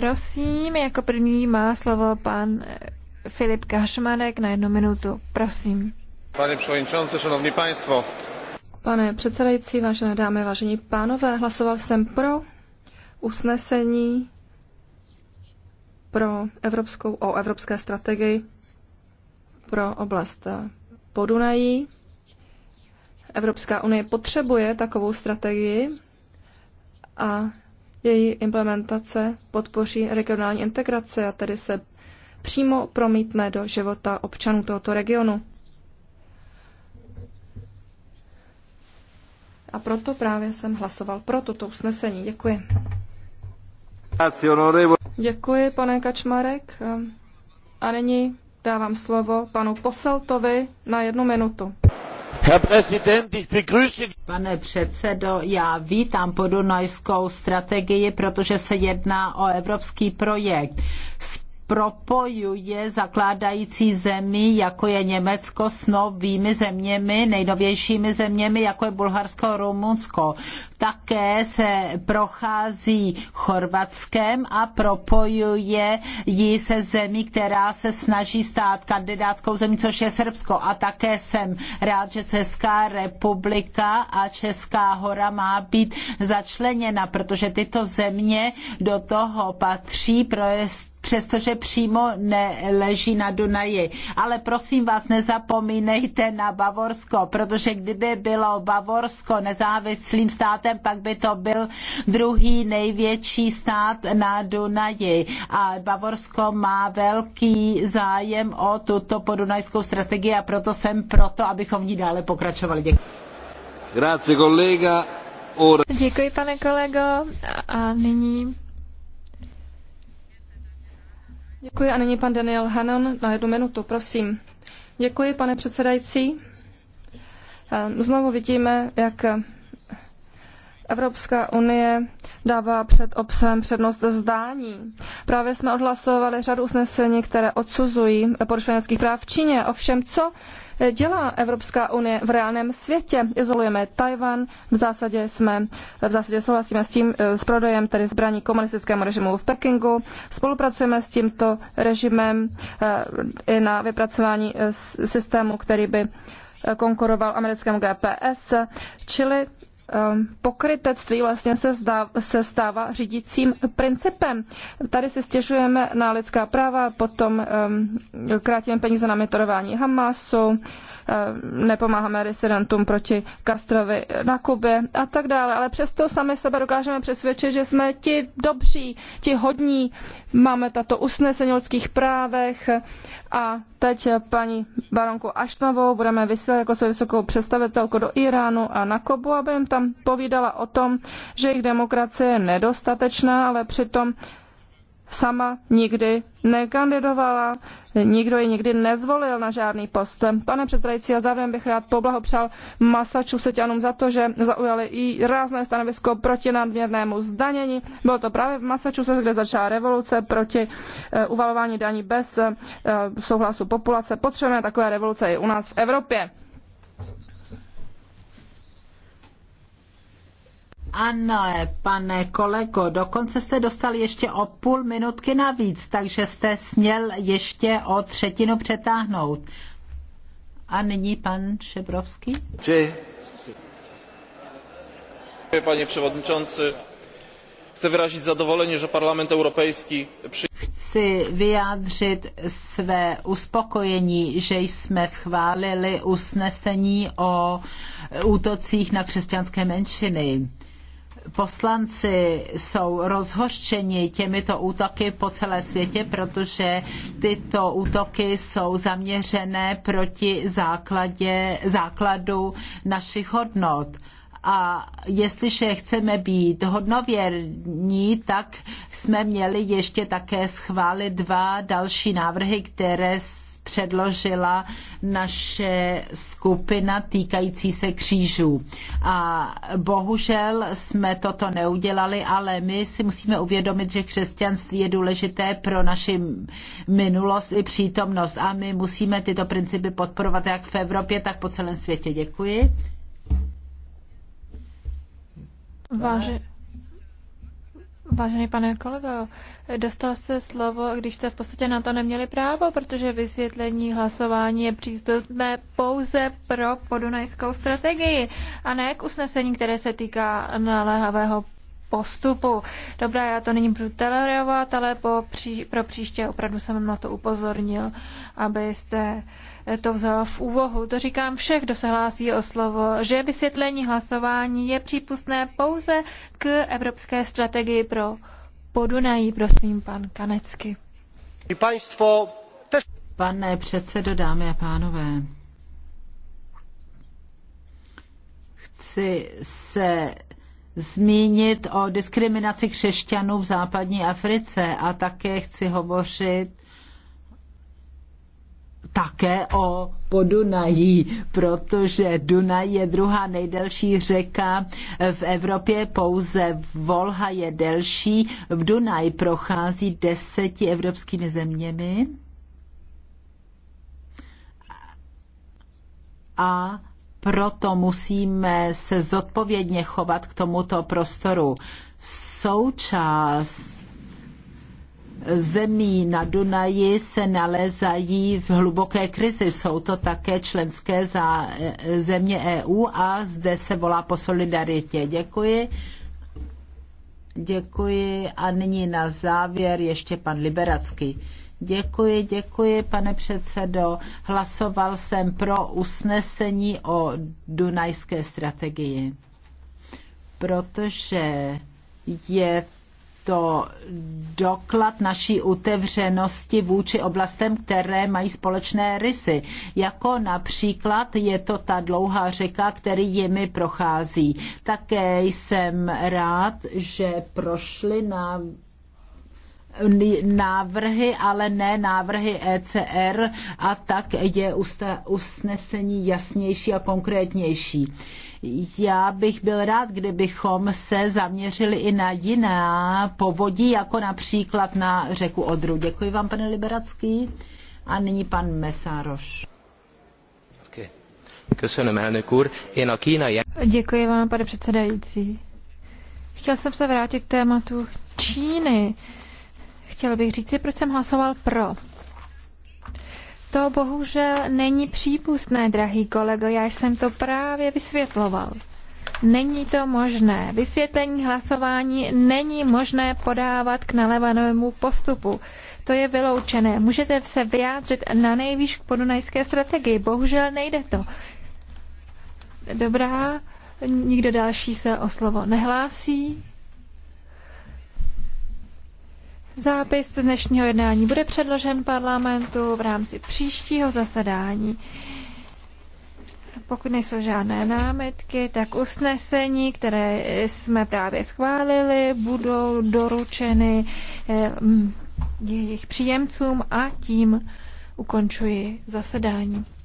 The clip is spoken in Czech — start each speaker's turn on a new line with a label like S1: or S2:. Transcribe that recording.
S1: Prosím, jako první má slovo pan Filip Kašmanek na jednu minutu. Prosím.
S2: Pane předsedající, šanovní pánstvo.
S1: Pane předsedající,
S2: vážené dámy, vážení pánové, hlasoval jsem pro usnesení pro evropskou, o evropské strategii pro oblast Podunají. Evropská unie potřebuje takovou strategii a její implementace podpoří regionální integraci a tedy se přímo promítne do života občanů tohoto regionu. A proto právě jsem hlasoval pro toto usnesení. Děkuji. Děkuji, pane Kačmarek. A nyní dávám slovo
S3: panu Poseltovi na jednu minutu. Pane předsedo, já vítám podunajskou strategii, protože se jedná o evropský projekt propojuje zakládající zemi, jako je Německo, s novými zeměmi, nejnovějšími zeměmi, jako je Bulharsko a Rumunsko. Také se prochází Chorvatskem a propojuje ji se zemí, která se snaží stát kandidátskou zemí, což je Srbsko. A také jsem rád, že Česká republika a Česká hora má být začleněna, protože tyto země do toho patří pro přestože přímo neleží na Dunaji. Ale prosím vás, nezapomínejte na Bavorsko, protože kdyby bylo Bavorsko nezávislým státem, pak by to byl druhý největší stát na Dunaji. A Bavorsko má velký zájem o tuto podunajskou strategii a proto jsem proto, abychom v ní dále pokračovali. Děkuji.
S1: Grazie, kolega.
S3: Děkuji, pane kolego. A nyní
S2: Děkuji a nyní pan Daniel Hanon na jednu minutu, prosím. Děkuji, pane předsedající. Ehm, znovu vidíme, jak Evropská unie dává před obsahem přednost zdání. Právě jsme odhlasovali řadu usnesení, které odsuzují porušování lidských práv v Číně. Ovšem, co dělá Evropská unie v reálném světě? Izolujeme Tajvan, v zásadě, jsme, v zásadě souhlasíme s tím, eh, s prodejem tedy zbraní komunistickému režimu v Pekingu, spolupracujeme s tímto režimem eh, i na vypracování eh, systému, který by konkuroval americkému GPS, čili Ehm, pokrytectví vlastně se, zdá, se stává řídícím principem. Tady si stěžujeme na lidská práva, potom um, krátíme peníze na monitorování Hamasu, um, nepomáháme disidentům proti Kastrovi na Kubě a tak dále. Ale přesto sami sebe dokážeme přesvědčit, že jsme ti dobří, ti hodní, máme tato usnesení o lidských právech a teď eh, paní baronku Ašnovou budeme vysílat jako svou vysokou představitelku do Iránu a na Kubu, aby jim tam tam povídala o tom, že jejich demokracie je nedostatečná, ale přitom sama nikdy nekandidovala, nikdo ji nikdy nezvolil na žádný post. Pane předsedající, a závěrem bych rád poblahopřál Massachusettanům za to, že zaujali i rázné stanovisko proti nadměrnému zdanění. Bylo to právě v Massachusetts, kde začala revoluce proti eh, uvalování daní bez eh, souhlasu populace. Potřebujeme
S3: takové revoluce i u nás v Evropě. Ano, pane kolego, dokonce jste dostal ještě o půl minutky navíc, takže jste směl ještě o třetinu přetáhnout. A nyní pan Šebrovský.
S1: Děkuji, panie przewodniczący. Chcę wyrazić zadowolenie, Parlament Europejski
S3: Chci vyjádřit své uspokojení, že jsme schválili usnesení o útocích na křesťanské menšiny poslanci jsou rozhořčeni těmito útoky po celé světě, protože tyto útoky jsou zaměřené proti základě, základu našich hodnot a jestliže chceme být hodnověrní, tak jsme měli ještě také schválit dva další návrhy, které předložila naše skupina týkající se křížů. A bohužel jsme toto neudělali, ale my si musíme uvědomit, že křesťanství je důležité pro naši minulost i přítomnost a my musíme tyto principy podporovat jak v Evropě, tak po celém světě. Děkuji.
S1: Váže, Vážený pane kolego, dostal se slovo, když jste v podstatě na to neměli právo, protože vysvětlení hlasování je přístupné pouze pro podunajskou strategii a ne k usnesení, které se týká naléhavého postupu. Dobrá, já to nyní budu tolerovat, ale po pří, pro příště opravdu jsem na to upozornil, abyste to vzal v úvohu. To říkám všech, kdo se hlásí o slovo, že vysvětlení hlasování je přípustné pouze k evropské strategii pro Podunají, prosím,
S3: pan Kanecky. Pane předsedo, dámy a pánové, chci se zmínit o diskriminaci křesťanů v západní Africe a také chci hovořit také o Podunají, protože Dunaj je druhá nejdelší řeka v Evropě, pouze Volha je delší. V Dunaj prochází deseti evropskými zeměmi. A proto musíme se zodpovědně chovat k tomuto prostoru. Součást zemí na Dunaji se nalézají v hluboké krizi. Jsou to také členské země EU a zde se volá po solidaritě. Děkuji. Děkuji a nyní na závěr ještě pan Liberacký. Děkuji, děkuji, pane předsedo. Hlasoval jsem pro usnesení o dunajské strategii, protože je to doklad naší otevřenosti vůči oblastem, které mají společné rysy. Jako například je to ta dlouhá řeka, který jimi prochází. Také jsem rád, že prošli na návrhy, ale ne návrhy ECR a tak je usnesení jasnější a konkrétnější. Já bych byl rád, kdybychom se zaměřili i na jiná povodí, jako například na řeku Odru. Děkuji vám, pane Liberacký. A nyní pan Mesároš. Děkuji vám, pane
S1: předsedající. Chtěl jsem se vrátit k tématu Číny. Chtěl bych říct, proč jsem hlasoval pro. To bohužel není přípustné, drahý kolego, já jsem to právě vysvětloval. Není to možné. Vysvětlení hlasování není možné podávat k nalevanému postupu. To je vyloučené. Můžete se vyjádřit na nejvýš k podunajské strategii. Bohužel nejde to. Dobrá, nikdo další se o slovo nehlásí. Zápis z dnešního jednání bude předložen parlamentu v rámci příštího zasedání. Pokud nejsou žádné námitky, tak usnesení, které jsme právě schválili, budou doručeny eh, jejich příjemcům a tím ukončuji zasedání.